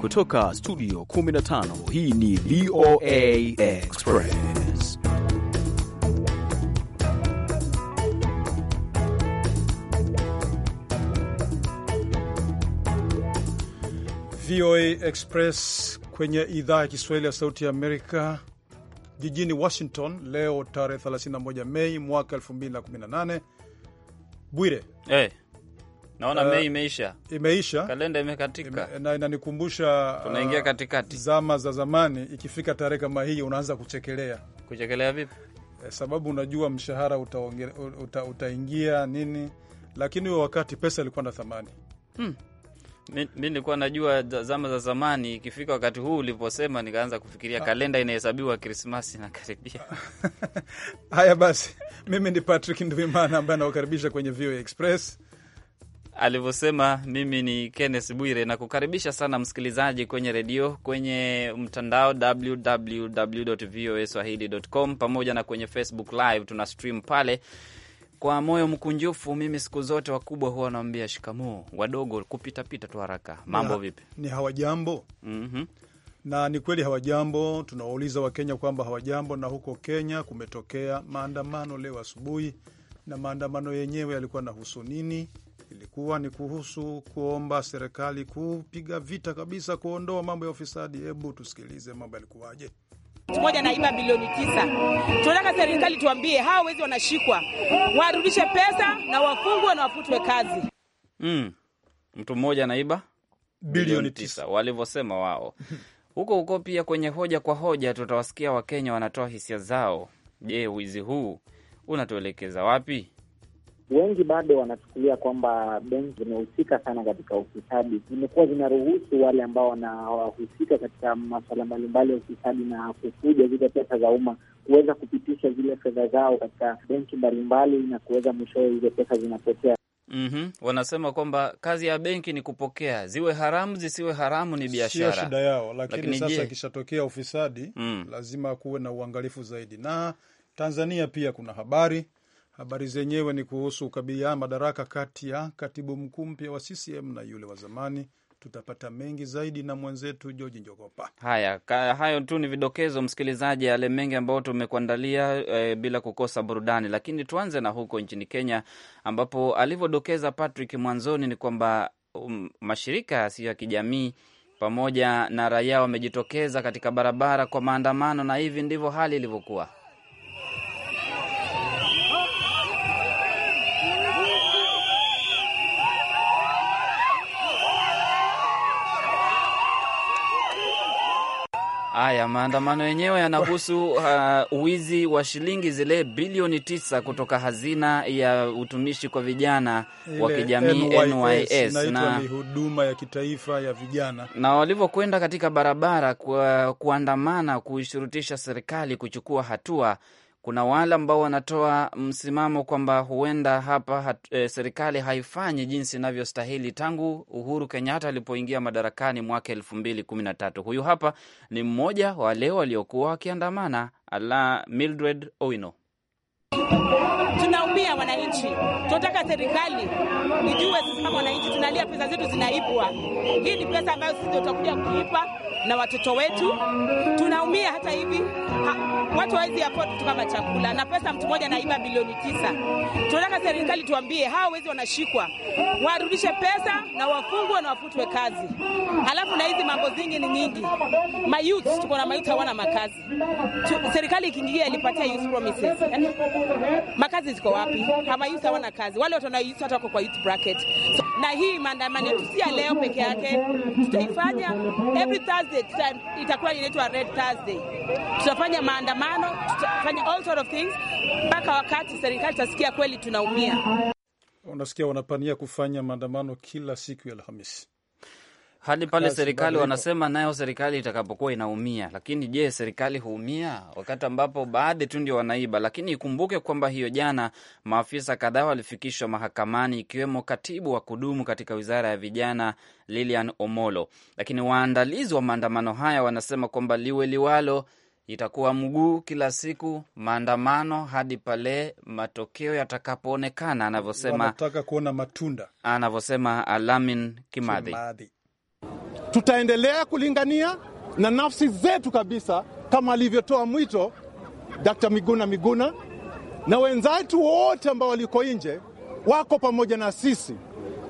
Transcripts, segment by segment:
Kutoka studio 15 hii ni VOA Express. VOA Express kwenye idhaa ya Kiswahili ya Sauti ya Amerika jijini Washington leo tarehe 31 Mei mwaka 2018. Bwire, hey. Eh. Naona uh, Mei imeisha, imeisha, kalenda imekatika, ime, na inanikumbusha tunaingia eh, katikati uh, zama za zamani. Ikifika tarehe kama hii unaanza kuchekelea. Kuchekelea vipi? Eh, sababu unajua mshahara utaingia uta, uta nini, lakini huyo wakati pesa ilikuwa na thamani hmm. Mi nilikuwa najua zama za zamani, ikifika wakati huu uliposema, nikaanza kufikiria ah. kalenda inahesabiwa, Krismasi inakaribia. Haya basi, mimi ni Patrick Ndwimana ambaye anawakaribisha kwenye VOA Express alivyosema. Mimi ni Kenneth Bwire na kukaribisha sana msikilizaji kwenye redio, kwenye mtandao www swahilicom pamoja na kwenye Facebook live tuna stream pale kwa moyo mkunjufu. Mimi siku zote wakubwa huwa wanawambia shikamoo, wadogo kupitapita tu haraka, mambo na, vipi? Ni hawajambo. mm -hmm. Na ni kweli hawajambo. Tunawauliza Wakenya kwamba hawajambo, na huko Kenya kumetokea maandamano leo asubuhi, na maandamano yenyewe yalikuwa na husu nini? ilikuwa ni kuhusu kuomba serikali kupiga vita kabisa kuondoa mambo ya ufisadi. Hebu tusikilize mambo yalikuwaje. Moja naiba bilioni tisa. Tunataka serikali tuambie hawa wezi wanashikwa, warudishe pesa na wafungwe na wafutwe kazi. Mm. Mtu mmoja anaiba bilioni tisa walivyosema wao huko huko. Pia kwenye hoja kwa hoja tutawasikia Wakenya wanatoa hisia zao. Je, wizi huu unatuelekeza wapi? wengi bado wanachukulia kwamba benki zimehusika sana katika ufisadi. Zimekuwa zinaruhusu wale ambao wanahusika katika masuala mbalimbali ya ufisadi na kufuja zile pesa za umma kuweza kupitisha zile fedha zao katika benki mbalimbali na kuweza mwishowe zile pesa zinapotea. Mm -hmm. Wanasema kwamba kazi ya benki ni kupokea, ziwe haramu zisiwe haramu, ni biashara, sio shida yao. Lakini, lakini sasa ikishatokea ufisadi mm, lazima kuwe na uangalifu zaidi. Na Tanzania pia kuna habari Habari zenyewe ni kuhusu ukabiliana madaraka kati ya katibu mkuu mpya wa CCM na yule wa zamani. Tutapata mengi zaidi na mwenzetu George Njogopa. Haya, hayo tu ni vidokezo, msikilizaji, yale mengi ambayo tumekuandalia e, bila kukosa burudani. Lakini tuanze na huko nchini Kenya, ambapo alivyodokeza Patrick mwanzoni ni kwamba um, mashirika yasiyo ya kijamii pamoja na raia wamejitokeza katika barabara kwa maandamano, na hivi ndivyo hali ilivyokuwa. Haya maandamano yenyewe yanahusu uh, uwizi wa shilingi zile bilioni tisa kutoka hazina ya utumishi kwa vijana wa kijamii NYS, na huduma ya kitaifa ya vijana, na walivyokwenda katika barabara kwa kuandamana kuishurutisha serikali kuchukua hatua kuna wale ambao wanatoa msimamo kwamba huenda hapa hat, e, serikali haifanyi jinsi inavyostahili tangu Uhuru Kenyatta alipoingia madarakani mwaka elfu mbili kumi na tatu. Huyu hapa ni mmoja wa leo waliokuwa wakiandamana, ala Mildred Owino tunaumia wananchi. Tunataka serikali ijue sisi kama wananchi tunalia, pesa zetu zinaibwa. Hii ni pesa ambayo sisi tutakuja kulipa na watoto wetu. Tunaumia hata hivi ha, watu hawezi afford kitu kama chakula, na pesa mtu mmoja anaiba bilioni tisa. Tunataka serikali tuambie hawa wezi wanashikwa, warudishe pesa na wafungwe na wafutwe kazi. Halafu na hizi mambo zingi ni nyingi, mayouth tuko na mayouth hawana makazi serikali ikiingia ilipatia youth promises, yaani, makazi ziko wako wapi? Kama youth hawana kazi, wale watu na hata wako kwa youth bracket. So, na hii maandamano yetu si ya leo peke yake, tutaifanya every Thursday, itakuwa inaitwa Red Thursday. Tutafanya maandamano, tutafanya all sort of things mpaka wakati serikali tasikia kweli tunaumia. Unasikia wanapania kufanya maandamano kila siku ya Alhamisi hadi pale serikali wanasema nayo serikali itakapokuwa inaumia. Lakini je, serikali huumia wakati ambapo baadhi tu ndio wanaiba? Lakini ikumbuke kwamba hiyo jana maafisa kadhaa walifikishwa mahakamani ikiwemo katibu wa kudumu katika wizara ya vijana Lilian Omolo. Lakini waandalizi wa maandamano haya wanasema kwamba liwe liwalo itakuwa mguu kila siku maandamano hadi pale matokeo yatakapoonekana, anavyosema anavyosema Alamin Kimadhi. Kimadhi Tutaendelea kulingania na nafsi zetu kabisa, kama alivyotoa mwito Dkt. Miguna Miguna na wenzetu wote ambao waliko nje wako pamoja na sisi,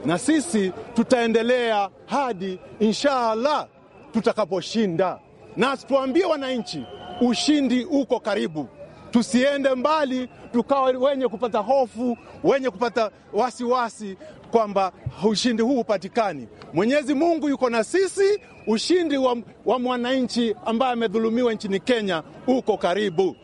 na sisi tutaendelea hadi inshaallah tutakaposhinda. Na tuambie wananchi, ushindi uko karibu, tusiende mbali tukawa wenye kupata hofu, wenye kupata wasiwasi kwamba ushindi huu hupatikani. Mwenyezi Mungu yuko na sisi. Ushindi wa, wa mwananchi ambaye amedhulumiwa nchini Kenya uko karibu.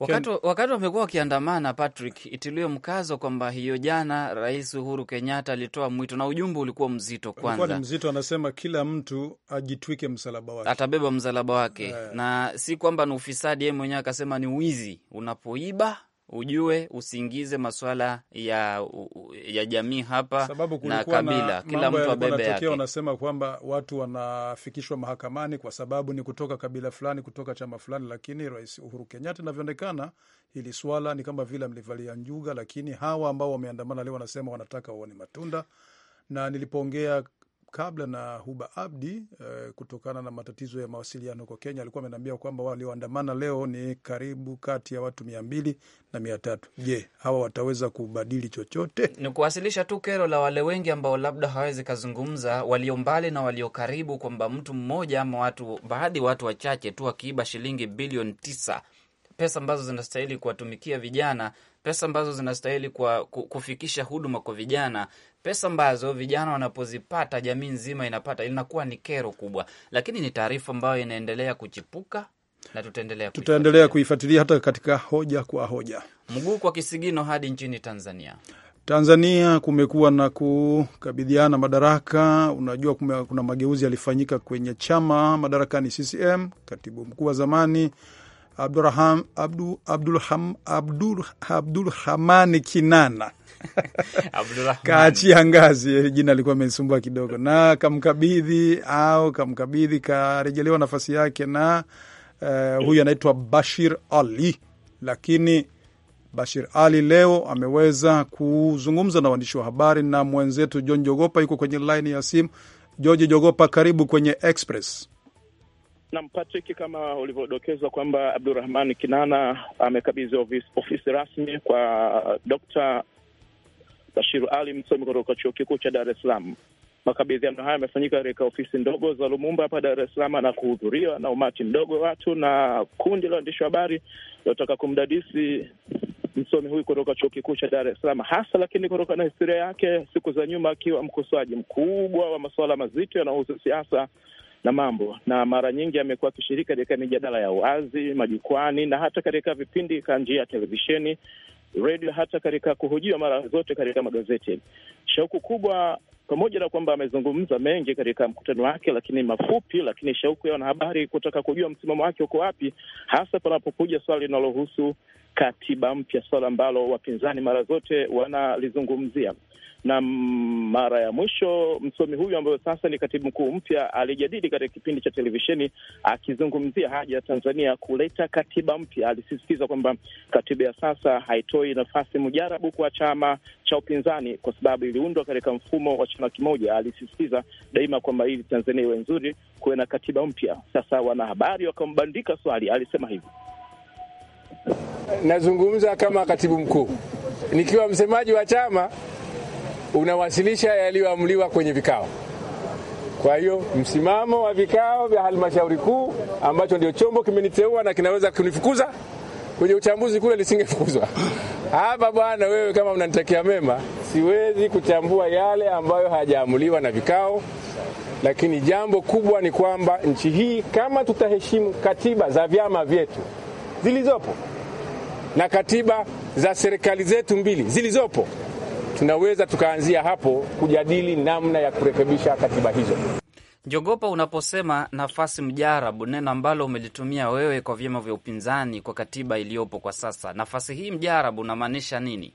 Wakati, wakati wamekuwa wakiandamana, Patrick, itiliwe mkazo kwamba hiyo jana Rais Uhuru Kenyatta alitoa mwito na ujumbe ulikuwa mzito. Kwanza mzito, anasema kila mtu ajitwike msalaba wake, atabeba msalaba wake yeah. Na si kwamba ni ufisadi, yeye mwenyewe akasema ni wizi unapoiba ujue usiingize masuala ya, ya jamii hapa na kabila na kila mtu abebe yake. Wanasema kwamba watu wanafikishwa mahakamani kwa sababu ni kutoka kabila fulani, kutoka chama fulani, lakini Rais Uhuru Kenyatta inavyoonekana hili swala ni kama vile mlivalia njuga, lakini hawa ambao wameandamana leo wanasema wanataka waone matunda na nilipoongea kabla na Huba Abdi eh, kutokana na matatizo ya mawasiliano kwa Kenya, alikuwa ameniambia kwamba walioandamana leo ni karibu kati ya watu mia mbili na mia tatu. Je, hawa wataweza kubadili chochote? Ni kuwasilisha tu kero la wale wengi ambao labda hawawezi kazungumza, walio mbali na walio karibu, kwamba mtu mmoja ama watu baadhi, watu wachache tu wakiiba shilingi bilioni tisa pesa ambazo zinastahili kuwatumikia vijana, pesa ambazo zinastahili kufikisha huduma kwa vijana, pesa ambazo vijana wanapozipata jamii nzima inapata, inakuwa ni kero kubwa, lakini ni taarifa ambayo inaendelea kuchipuka na tutaendelea tutaendelea kuifuatilia hata katika hoja kwa hoja. Mguu kwa kisigino hadi nchini Tanzania. Tanzania kumekuwa na kukabidhiana madaraka. Unajua kume, kuna mageuzi yalifanyika kwenye chama madarakani CCM. Katibu mkuu wa zamani Abdulhamani Abdu, Abdul Abdul, Abdul Kinana kaachia ngazi, eh, jina alikuwa amesumbua kidogo, na kamkabidhi au kamkabidhi, karejelewa nafasi yake na uh, huyu anaitwa Bashir Ali, lakini Bashir Ali leo ameweza kuzungumza na waandishi wa habari, na mwenzetu John Jogopa yuko kwenye laini ya simu. George Jogopa, karibu kwenye Express. Nam Patrick, kama ulivyodokeza kwamba Abdurahman Kinana amekabidhi ofisi, ofisi rasmi kwa Dr bashir Ali, msomi kutoka chuo kikuu cha Dar es Salaam. Makabidhiano haya yamefanyika katika ofisi ndogo za Lumumba hapa Dar es Salaam na kuhudhuriwa na umati mdogo wa watu na kundi la waandishi wa habari lilotaka kumdadisi msomi huyu kutoka chuo kikuu cha Dar es Salaam hasa, lakini kutoka na historia yake, siku za nyuma akiwa mkosoaji mkubwa wa masuala mazito yanayohusu siasa na mambo, na mara nyingi amekuwa akishiriki katika mijadala ya wazi majukwani na hata katika vipindi ka njia ya televisheni redio, hata katika kuhojiwa mara zote katika magazeti. Shauku kubwa pamoja na kwamba amezungumza mengi katika mkutano wake, lakini mafupi, lakini shauku ya wanahabari kutaka kujua msimamo wake uko wapi, hasa panapokuja swala linalohusu katiba mpya, swala ambalo wapinzani mara zote wanalizungumzia. Na mara ya mwisho msomi huyu ambayo sasa ni katibu mkuu mpya alijadili katika kipindi cha televisheni akizungumzia haja ya Tanzania kuleta katiba mpya. Alisisitiza kwamba katiba ya sasa haitoi nafasi mujarabu kwa chama cha upinzani, kwa sababu iliundwa katika mfumo wa tisini kimoja alisisitiza daima kwamba ili Tanzania iwe nzuri kuwe na katiba mpya. Sasa wanahabari wakambandika swali, alisema hivi: nazungumza kama katibu mkuu nikiwa msemaji wa chama, unawasilisha yaliyoamliwa kwenye vikao. Kwa hiyo msimamo wa vikao vya halmashauri kuu ambacho ndio chombo kimeniteua na kinaweza kunifukuza kwenye uchambuzi kule lisingefukuzwa. Hapa bwana, wewe kama mnanitakia mema, siwezi kuchambua yale ambayo hayajaamuliwa na vikao, lakini jambo kubwa ni kwamba nchi hii kama tutaheshimu katiba za vyama vyetu zilizopo na katiba za serikali zetu mbili zilizopo, tunaweza tukaanzia hapo kujadili namna ya kurekebisha katiba hizo. Njogopa, unaposema nafasi mjarabu, neno ambalo umelitumia wewe kwa vyama vya upinzani kwa katiba iliyopo kwa sasa, nafasi hii mjarabu unamaanisha nini?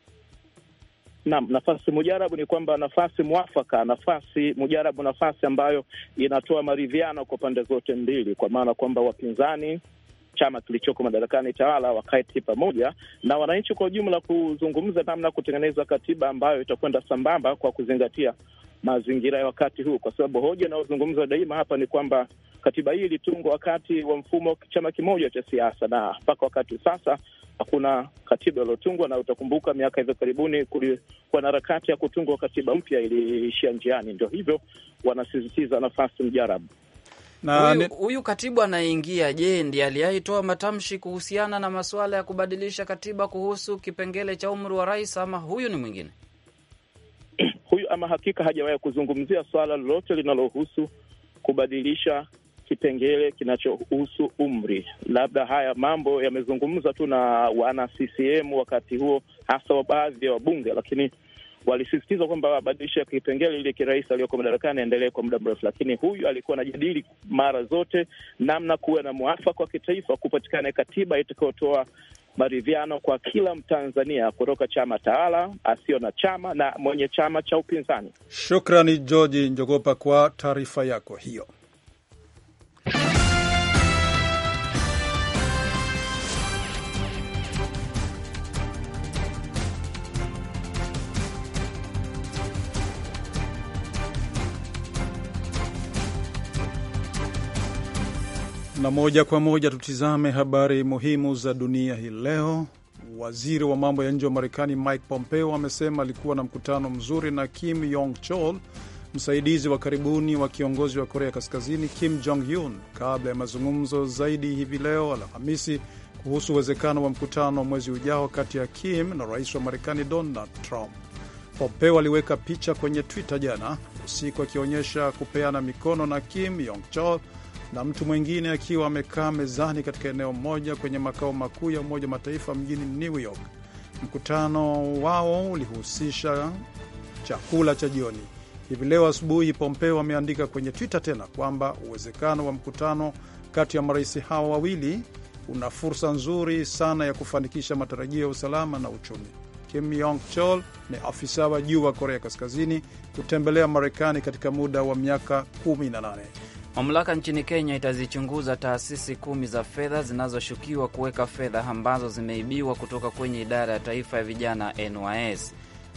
Naam, nafasi mujarabu ni kwamba nafasi mwafaka, nafasi mujarabu, nafasi ambayo inatoa maridhiano kwa pande zote mbili, kwa maana kwamba wapinzani, chama kilichoko madarakani tawala, wakaeti pamoja na wananchi kwa ujumla, kuzungumza namna ya kutengeneza katiba ambayo itakwenda sambamba kwa kuzingatia mazingira ya wakati huu, kwa sababu hoja inayozungumzwa daima hapa ni kwamba katiba hii ilitungwa wakati wa mfumo wa chama kimoja cha siasa, na mpaka wakati sasa hakuna katiba iliyotungwa. Na utakumbuka miaka hivyo karibuni kulikuwa na harakati ya kutungwa katiba mpya, iliishia njiani. Ndio hivyo wanasisitiza nafasi mjarabu na huyu katibu anaingia, je, ndiye aliyeitoa matamshi kuhusiana na masuala ya kubadilisha katiba kuhusu kipengele cha umri wa rais, ama huyu ni mwingine? Huyu ama hakika hajawahi kuzungumzia swala lolote linalohusu kubadilisha kipengele kinachohusu umri. Labda haya mambo yamezungumzwa tu na wana CCM wakati huo, hasa baadhi ya wabunge, lakini walisisitiza kwamba wabadilishe kipengele ili kirais aliyoko madarakani aendelee kwa muda mrefu, lakini huyu alikuwa anajadili mara zote namna kuwe na mwafaka wa kitaifa, kupatikana katiba itakayotoa maridhiano kwa kila Mtanzania kutoka chama tawala, asiyo na chama na mwenye chama cha upinzani. Shukrani Georgi Njogopa kwa taarifa yako hiyo. Na moja kwa moja tutizame habari muhimu za dunia hii leo. Waziri wa mambo ya nje wa Marekani Mike Pompeo amesema alikuwa na mkutano mzuri na Kim Yong Chol, msaidizi wa karibuni wa kiongozi wa Korea Kaskazini Kim Jong Un, kabla ya mazungumzo zaidi hivi leo Alhamisi kuhusu uwezekano wa mkutano mwezi ujao kati ya Kim na rais wa Marekani Donald Trump. Pompeo aliweka picha kwenye Twitter jana usiku akionyesha kupeana mikono na Kim Yong Chol na mtu mwingine akiwa amekaa mezani katika eneo moja kwenye makao makuu ya Umoja wa Mataifa mjini New York. Mkutano wao ulihusisha chakula cha jioni. Hivi leo asubuhi, Pompeo ameandika kwenye Twitter tena kwamba uwezekano wa mkutano kati ya marais hawa wawili una fursa nzuri sana ya kufanikisha matarajio ya usalama na uchumi. Kim Yong Chol ni afisa wa juu wa Korea Kaskazini kutembelea Marekani katika muda wa miaka 18. Mamlaka nchini Kenya itazichunguza taasisi kumi za fedha zinazoshukiwa kuweka fedha ambazo zimeibiwa kutoka kwenye idara ya taifa ya vijana NYS.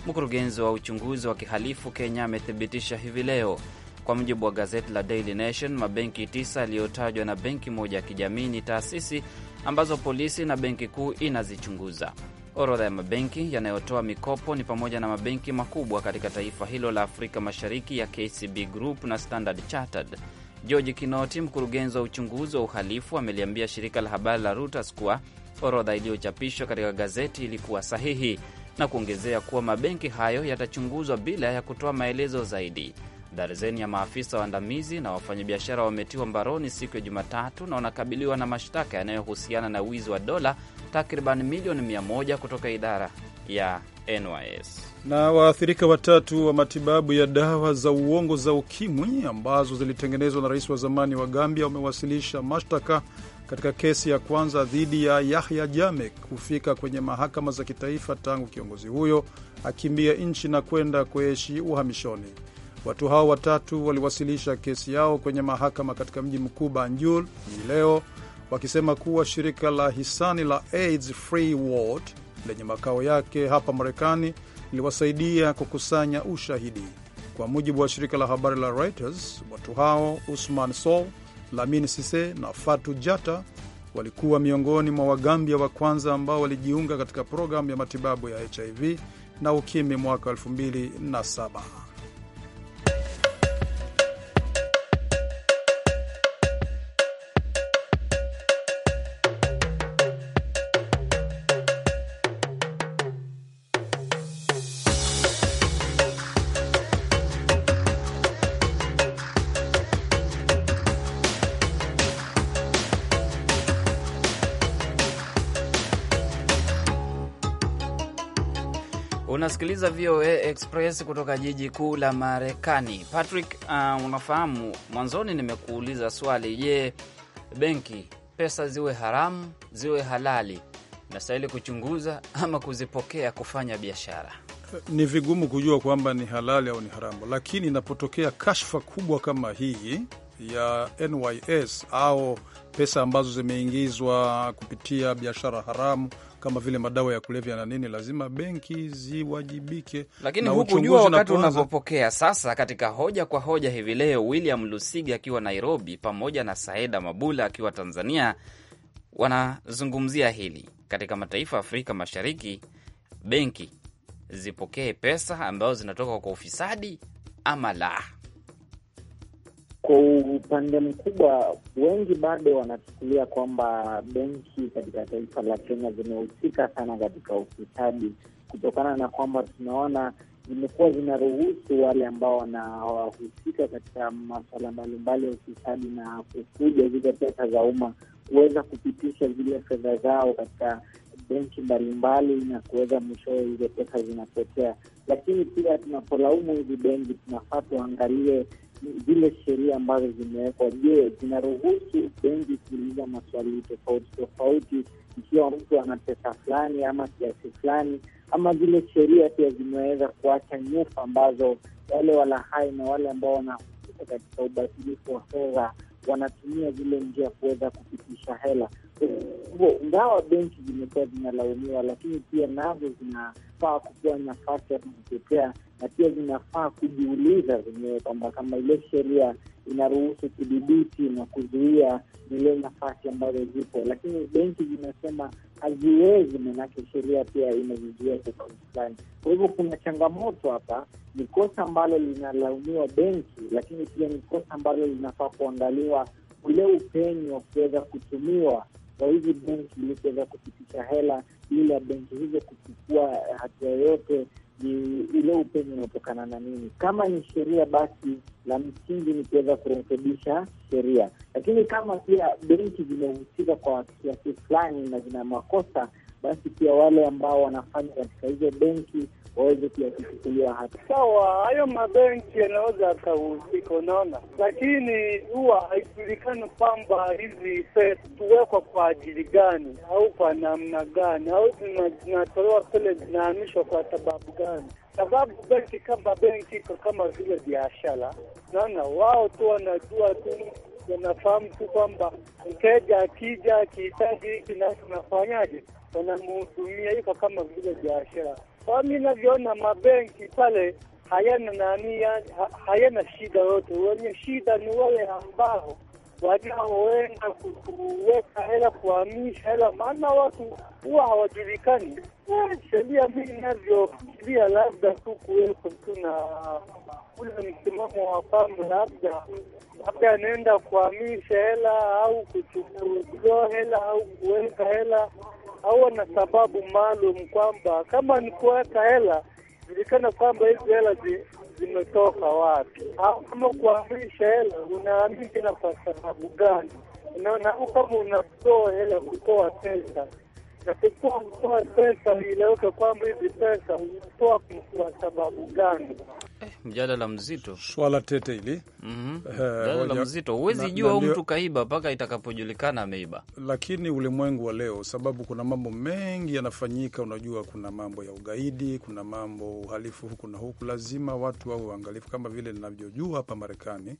Mkurugenzi wa uchunguzi wa kihalifu Kenya amethibitisha hivi leo. Kwa mujibu wa gazeti la Daily Nation, mabenki tisa yaliyotajwa na benki moja ya kijamii ni taasisi ambazo polisi na benki kuu inazichunguza. Orodha ya mabenki yanayotoa mikopo ni pamoja na mabenki makubwa katika taifa hilo la Afrika Mashariki ya KCB Group na Standard Chartered. George Kinoti, mkurugenzi wa uchunguzi wa uhalifu, ameliambia shirika la habari la Reuters kuwa orodha iliyochapishwa katika gazeti ilikuwa sahihi na kuongezea kuwa mabenki hayo yatachunguzwa bila ya kutoa maelezo zaidi. Darzeni ya maafisa waandamizi na wafanyabiashara wametiwa mbaroni siku ya Jumatatu na wanakabiliwa na mashtaka yanayohusiana na wizi wa dola takriban milioni 100 kutoka idara ya NYS. Na waathirika watatu wa matibabu ya dawa za uongo za ukimwi ambazo zilitengenezwa na rais wa zamani wa Gambia wamewasilisha mashtaka katika kesi ya kwanza dhidi ya Yahya Jame kufika kwenye mahakama za kitaifa tangu kiongozi huyo akimbia nchi na kwenda kuishi uhamishoni. Watu hao watatu waliwasilisha kesi yao kwenye mahakama katika mji mkuu Banjul hii leo wakisema kuwa shirika la hisani la AIDS Free World lenye makao yake hapa Marekani liliwasaidia kukusanya ushahidi. Kwa mujibu wa shirika la habari la Reuters, watu hao Usman Sol, Lamin Sise na Fatu Jata walikuwa miongoni mwa Wagambia wa kwanza ambao walijiunga katika programu ya matibabu ya HIV na ukimwi mwaka 2007. unasikiliza VOA Express kutoka jiji kuu la Marekani. Patrick, uh, unafahamu mwanzoni nimekuuliza swali, je, benki pesa ziwe haramu ziwe halali, nastahili kuchunguza ama kuzipokea kufanya biashara? Ni vigumu kujua kwamba ni halali au ni haramu, lakini inapotokea kashfa kubwa kama hii ya NYS au pesa ambazo zimeingizwa kupitia biashara haramu kama vile madawa ya kulevya na nini, lazima benki ziwajibike. Lakini jua wakati unavyopokea. Sasa katika hoja kwa hoja hivi leo, William lusigi akiwa Nairobi pamoja na saeda Mabula akiwa Tanzania wanazungumzia hili. Katika mataifa ya Afrika Mashariki, benki zipokee pesa ambazo zinatoka kwa ufisadi ama la? Kwa upande mkubwa, wengi bado wanachukulia kwamba benki katika taifa la Kenya zimehusika sana katika ufisadi, kutokana na kwamba tunaona zimekuwa zinaruhusu wale ambao wanahusika katika masuala mbalimbali ya ufisadi na kufuja zile pesa za umma kuweza kupitisha zile fedha zao katika benki mbalimbali na kuweza mwishowe hizo pesa zinapotea. Lakini pia tunapolaumu hizi benki, tunafaa tuangalie zile sheria ambazo zimewekwa, je, zinaruhusu benki kuuliza maswali tofauti tofauti ikiwa mtu ana pesa fulani ama kiasi fulani, ama zile sheria pia zimeweza kuacha nyufa ambazo wale walahai na wale ambao wanahusika katika ubadilifu wa fedha wanatumia zile njia kuweza kupitisha hela. Eh, eh, ingawa benki zimekuwa zinalaumiwa, lakini pia nazo zinafaa kupewa nafasi ya kujitetea na pia zinafaa kujiuliza zenyewe kwamba kama ile sheria inaruhusu kudhibiti na kuzuia zile nafasi ambazo zipo, lakini benki zinasema haziwezi, manake sheria pia imezizuia kwa fulani. Kwa hivyo kuna changamoto hapa, ni kosa ambalo linalaumiwa benki, lakini pia ni kosa ambalo linafaa kuangaliwa ule upenyo wa kuweza kutumiwa kwa hizi benki ili kuweza kupitisha hela bila benki hizo kuchukua eh, hatua yoyote, ile upenyo unaotokana na nini? Kama ni sheria, basi la msingi ni kuweza kurekebisha sheria, lakini kama pia benki zimehusika kwa kiasi fulani na zina makosa basi pia wale ambao wanafanya katika hizo benki waweze pia kuchukuliwa hata. Sawa, hayo mabenki yanaweza akahusika, unaona, lakini huwa haijulikani kwamba hizi pesa tuwekwa kwa ajili gani au kwa namna gani au zinatolewa pele zinahamishwa kwa sababu gani? Sababu benki kama benki iko kama vile biashara, naona wao tu wanajua tu wanafahamu tu kwamba mteja akija akihitaji hiki nasi unafanyaje? wanamhudumia hivyo kama vile biashara. Kwa mi navyoona mabenki pale hayana nani, hayana shida yote. Wenye shida ni wale ambao wanaoenda kuweka hela, kuhamisha hela, maana watu huwa hawajulikani. Eh, sheria mi navyofikiria, labda tu kuweko tu na ule msimamo wa kwamba labda labda anaenda kuhamisha hela au kuchukua hela au kuweka hela hawa na sababu maalum kwamba kama ni kuweka hela julikana kwamba hizi hela zimetoka wapi, au kama kuamrisha hela unaamini hela kwa sababu gani? Unaona, au kama unatoa hela kutoa pesa Japokuwa mtoa pesa ileweka kwamba hizi pesa umetoa kwa sababu gani? Eh, mjadala mzito, swala tete hili mm -hmm. Mjadala mzito, huwezi jua huyu mtu kaiba mpaka itakapojulikana ameiba. Lakini ulimwengu wa leo, sababu kuna mambo mengi yanafanyika, unajua, kuna mambo ya ugaidi, kuna mambo uhalifu huku na huku, lazima watu wawe waangalifu. Kama vile ninavyojua hapa Marekani,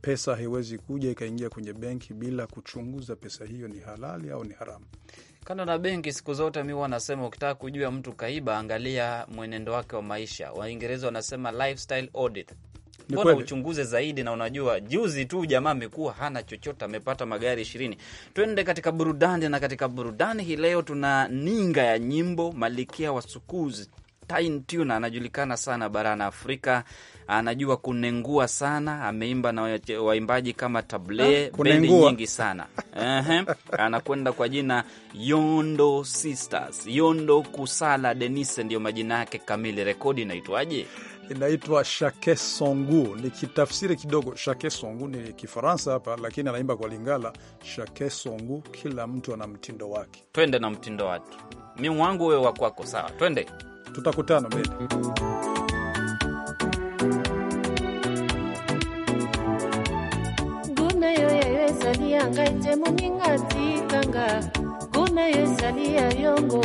pesa haiwezi kuja ikaingia kwenye benki bila kuchunguza pesa hiyo ni halali au ni haramu. Kando na benki, siku zote mi wanasema ukitaka kujua mtu kaiba, angalia mwenendo wake wa maisha. Waingereza wanasema lifestyle audit. Mbona uchunguze zaidi na unajua, juzi tu jamaa amekuwa hana chochote, amepata magari ishirini. Twende katika burudani, na katika burudani hii leo tuna ninga ya nyimbo Malikia Wasukuzi Tiny Tuna anajulikana sana barani Afrika, anajua kunengua sana. Ameimba na waimbaji kama Table, eh, bendi nyingi sana anakwenda kwa jina Yondo Sisters, Yondo Kusala Denise ndiyo majina yake kamili. Rekodi inaitwaje? Inaitwa Shake Songu. kitafsiri kidogo, Shake Songu ni Kifaransa hapa, lakini anaimba kwa Lingala. Shake Songu, kila mtu ana mtindo wake. Twende na mtindo watu, mi wangu wewe wakwako, sawa, twende Tutakutana mbele. nguna yoyo ezali yanga etemoninga tikanga nguna yo ezali ya yongo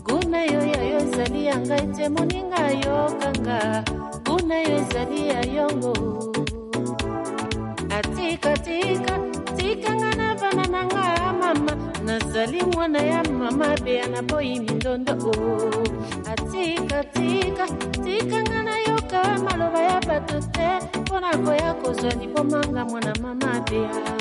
nguna yoyo ezali yanga etemoninga yokanga nguna yo ezali yongo kona ya mama be anapoi mindondo oh. atika tika tikanga yoka maloba ya bato te koya ya kozwa libomanga mwana mama ya.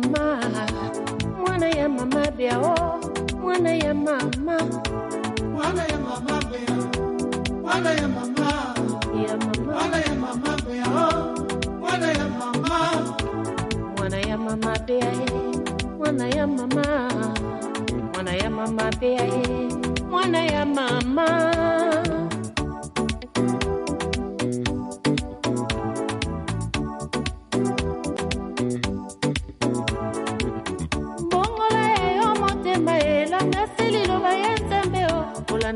mama, mwana ya mama beao, mwana ya mama, mwana ya mama beao, mwana ya mama, ya mama, mwana ya mama beao, mwana ya mama, mwana ya mama beae, mwana ya mama, mwana ya mama beae, mwana ya mama.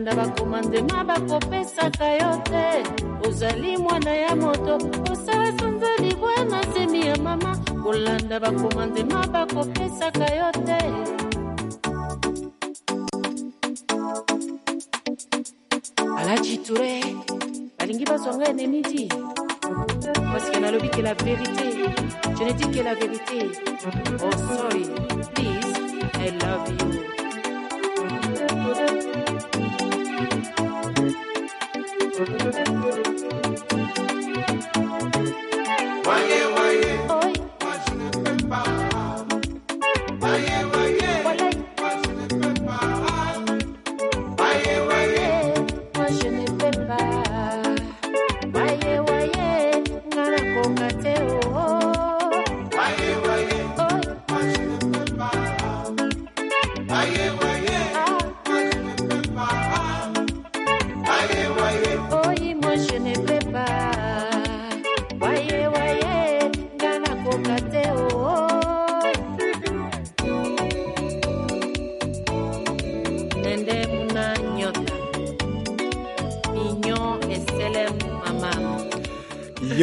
banda bakomandema bakopesaka yo te ozali mwana ya moto osala sanza libwa na semi ya mama kolanda bakomandema bakopesaka yo te balingi bazwanga enemidi nalobi ke la vérité je ne dis que la vérité oh sorry please i love you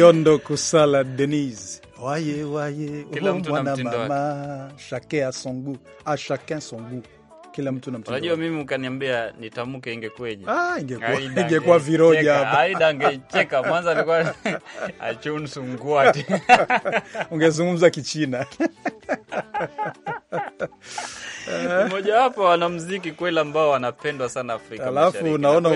Yondo Kusala Denise waye waye oh, mwana mama shake asongu a ah, chacun son songu kila mtu na mtu. Unajua mimi ukaniambia nitamke ingekueje? Ah, ingekuwa ingekuwa viroja hapa. Aida angecheka mwanzo alikuwa achun sunguati. Ungezungumza Kichina. mmoja eh. wapo mziki kweli ambao wanapendwa sana Afrika. Alafu naona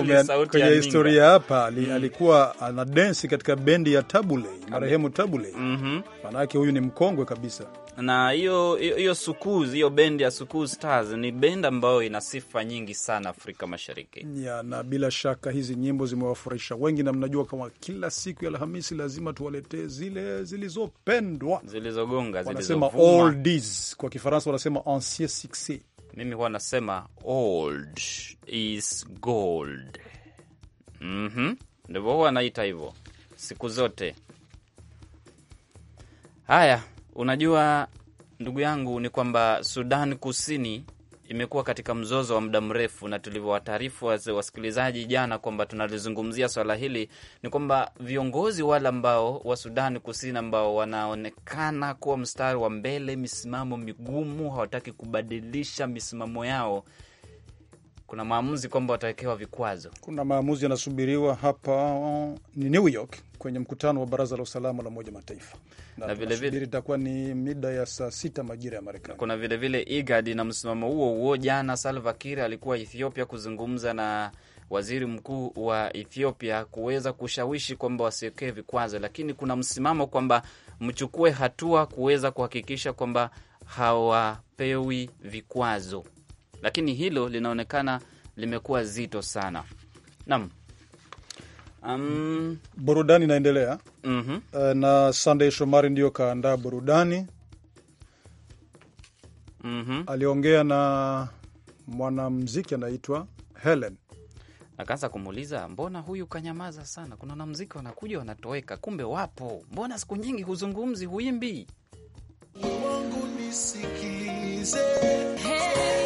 kwenye historia hapa mm. alikuwa ana densi katika bendi ya Tabule, marehemu Tabule. mm -hmm. Maanake huyu ni mkongwe kabisa na hiyo hiyo Sukuz, hiyo bendi ya Sukuz Stars ni bendi ambayo ina sifa nyingi sana Afrika Mashariki ya, na bila shaka hizi nyimbo zimewafurahisha wengi, na mnajua kama kila siku ya Alhamisi lazima tuwaletee zile zilizopendwa, zilizogonga, wanasema oldies kwa Kifaransa, wanasema ancien succes. Mimi huwa nasema old is gold. mm -hmm. Ndivyo huwa naita hivyo siku zote. Haya. Unajua ndugu yangu, ni kwamba Sudan Kusini imekuwa katika mzozo wa muda mrefu, na tulivyowataarifu wasikilizaji jana kwamba tunalizungumzia swala hili, ni kwamba viongozi wale ambao wa Sudani Kusini ambao wanaonekana kuwa mstari wa mbele, misimamo migumu, hawataki kubadilisha misimamo yao kuna maamuzi kwamba watawekewa vikwazo. Kuna maamuzi yanasubiriwa hapa ni New York kwenye mkutano wa baraza la usalama la Umoja Mataifa, na vilevile itakuwa ni mida ya saa sita majira ya Marekani. Kuna vilevile IGAD na msimamo huo huo. Jana Salva Kiir alikuwa Ethiopia kuzungumza na waziri mkuu wa Ethiopia kuweza kushawishi kwamba wasiwekee vikwazo, lakini kuna msimamo kwamba mchukue hatua kuweza kuhakikisha kwamba hawapewi vikwazo lakini hilo linaonekana limekuwa zito sana. Naam. Um, burudani inaendelea mm -hmm. na Sunday Shomari ndio kaandaa burudani mm -hmm. aliongea na mwanamziki anaitwa Helen akaanza kumuuliza mbona huyu kanyamaza sana, kuna wanamziki wanakuja wanatoweka, kumbe wapo, mbona siku nyingi huzungumzi, huimbi? wangu nisikize. Hey.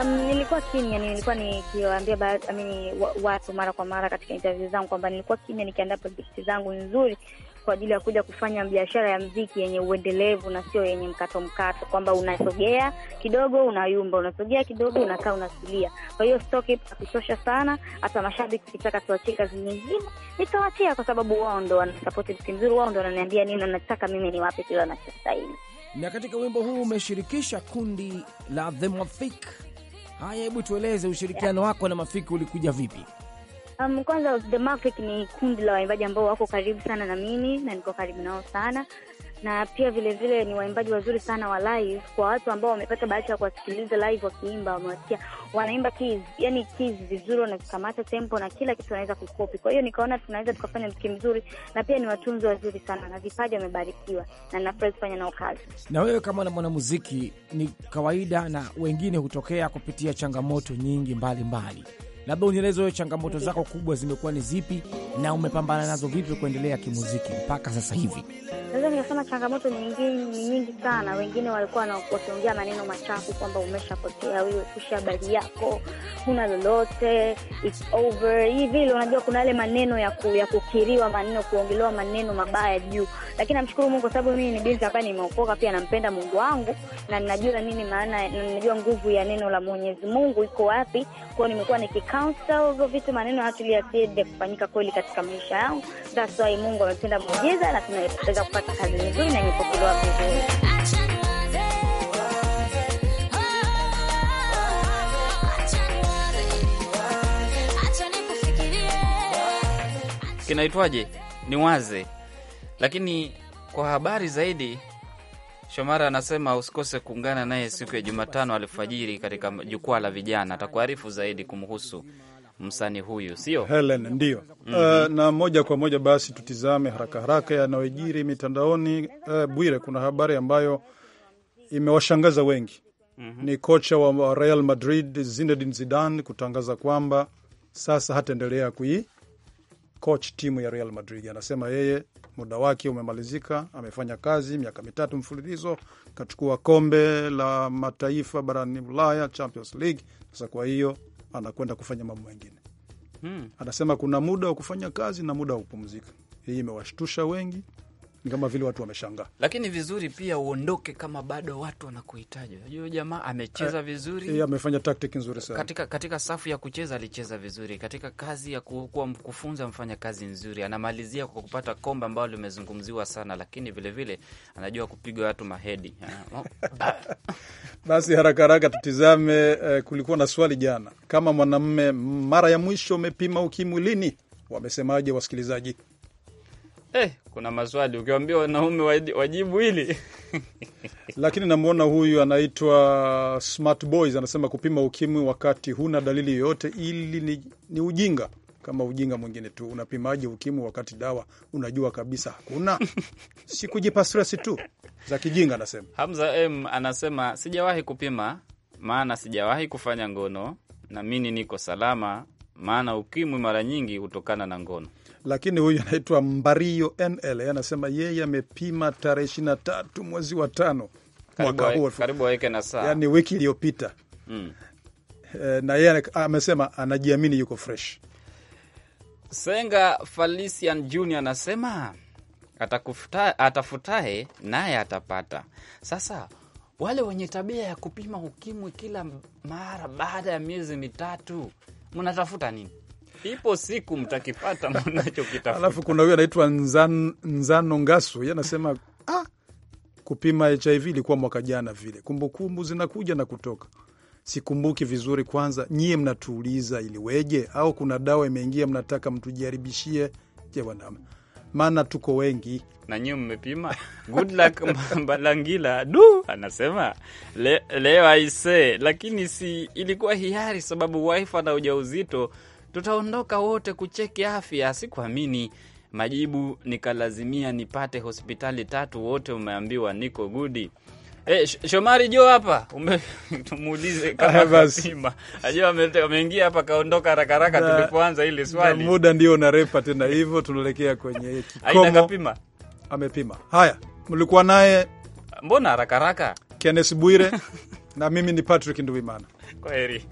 Um, nilikuwa kimya, nilikuwa nikiwaambia baadhi watu mara kwa mara katika interview zangu kwamba nilikuwa kimya nikiandaa projekti zangu nzuri kwa ajili ya kuja kufanya biashara ya mziki yenye uendelevu na sio yenye mkato mkato, kwamba unasogea kidogo unayumba, unasogea kidogo unakaa unasilia. Kwa hiyo stoki akutosha sana, hata mashabiki kitaka tuachie kazi nyingine nitawachia, kwa sababu wao ndo wanasapoti mziki mzuri, wao ndo wananiambia nini wanataka, mimi niwape kile wanachostahili. Na katika wimbo huu umeshirikisha kundi la The Mafik Haya, hebu tueleze ushirikiano yeah, wako na Mafiki ulikuja vipi? Um, kwanza The Mafiki ni kundi la waimbaji ambao wako karibu sana na mimi na niko karibu nao sana na pia vilevile vile ni waimbaji wazuri sana wa live. Kwa watu ambao wamepata bahati ya kuwasikiliza live wakiimba, wamewasikia wanaimba keys, yani keys vizuri, wanakamata tempo na kila kitu wanaweza kukopi. Kwa hiyo nikaona tunaweza tukafanya mziki mzuri, na pia ni watunzi wazuri sana na vipaji wamebarikiwa, na nafurahi kufanya nao kazi. Na wewe kama na mwanamuziki, ni kawaida na wengine hutokea kupitia changamoto nyingi mbalimbali mbali labda unieleze changamoto zako kubwa zimekuwa ni zipi na umepambana nazo vipi kuendelea kimuziki mpaka sasa hivi? Naweza nikasema changamoto nyingine ni nyingi sana. Wengine walikuwa wakiongea maneno machafu kwamba umeshapotea wewe, kuisha habari yako, huna lolote, it's over hii vile. Unajua kuna yale maneno ya, ku, ya kukiriwa maneno, kuongelewa maneno mabaya juu, lakini namshukuru Mungu kwa sababu mimi ni binti ambaye nimeokoka, pia nampenda Mungu wangu na ninajua nini maana, najua nguvu ya neno la Mwenyezi Mungu iko wapi kwao, nimekuwa nikikansel hizo vitu, maneno hatulia kufanyika kweli katika maisha yangu. That's why Mungu ametenda muujiza na tunaweza kupata kazi nzuri na imepokelewa vizuri. Kinaitwaje? Ni waze. Lakini kwa habari zaidi Shomara anasema usikose kuungana naye siku ya Jumatano alfajiri katika jukwaa la vijana, atakuarifu zaidi kumhusu msanii huyu, sio Helen? Ndio. mm -hmm. Uh, na moja kwa moja basi tutizame haraka haraka yanayojiri mitandaoni. Uh, Bwire, kuna habari ambayo imewashangaza wengi. mm -hmm. Ni kocha wa Real Madrid Zinedine Zidane kutangaza kwamba sasa hataendelea kui coach timu ya Real Madrid. Anasema yeye muda wake umemalizika, amefanya kazi miaka mitatu mfululizo, kachukua kombe la mataifa barani Ulaya, Champions League. Sasa kwa hiyo anakwenda kufanya mambo mengine hmm. Anasema kuna muda wa kufanya kazi na muda wa kupumzika. Hii imewashtusha wengi ni kama vile watu wameshangaa, lakini vizuri pia uondoke kama bado watu wanakuhitaji. Unajua jamaa amecheza eh, vizuri, amefanya tactic nzuri sana katika, katika safu ya kucheza alicheza vizuri, katika kazi ya kuwa mkufunza mfanya kazi nzuri, anamalizia kwa kupata kombe ambalo limezungumziwa sana, lakini vilevile anajua kupiga watu mahedi ah, oh. Basi haraka haraka tutizame, eh, kulikuwa na swali jana, kama mwanamme mara ya mwisho umepima ukimwi lini? Wamesemaje wasikilizaji? Hey, eh, kuna maswali ukiwambia wanaume wajibu hili lakini namwona huyu anaitwa Smart Boys anasema kupima ukimwi wakati huna dalili yoyote ili ni, ni ujinga kama ujinga mwingine tu. Unapimaje ukimwi wakati dawa unajua kabisa hakuna? si kujipa stress tu za kijinga, anasema Hamza M. Anasema sijawahi kupima, maana sijawahi kufanya ngono na mimi niko salama, maana ukimwi mara nyingi hutokana na ngono lakini huyu anaitwa Mbario NL anasema yeye amepima tarehe ishirini na tatu mwezi wa tano mwaka huu, yani wiki iliyopita mm. E, na yeye amesema anajiamini yuko fresh. Senga Felician Junior anasema atafutae naye atapata. Sasa wale wenye tabia ya kupima ukimwi kila mara baada ya miezi mitatu, mnatafuta nini? ipo siku mtakipata mnachokitafuta. Alafu kuna huyo anaitwa Nzano Ngasu, yeye anasema ah, kupima HIV ilikuwa mwaka jana vile. Kumbukumbu zinakuja na kutoka, sikumbuki vizuri. Kwanza nyie mnatuuliza iliweje, au kuna dawa imeingia mnataka mtujaribishie? Je, wanama maana tuko wengi na nyie mmepima. Good luck Mbalangila du anasema le, leo aisee, lakini si ilikuwa hiari sababu wife ana ujauzito tutaondoka wote kucheki afya. Sikuamini majibu, nikalazimia nipate hospitali tatu, wote umeambiwa niko gudi. Hey, eh, Shomari Jo hapa tumuulize kama ajua ameingia hapa kaondoka haraka haraka tulipoanza ile swali. Muda ndio narepa tena hivyo tunaelekea kwenye kikomo. Kapima. Amepima. Haya, mlikuwa naye mbona haraka haraka? Kenneth Bwire na mimi ni Patrick Nduwimana. Kwaheri.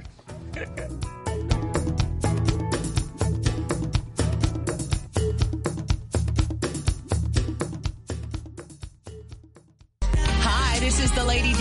This is the Lady D.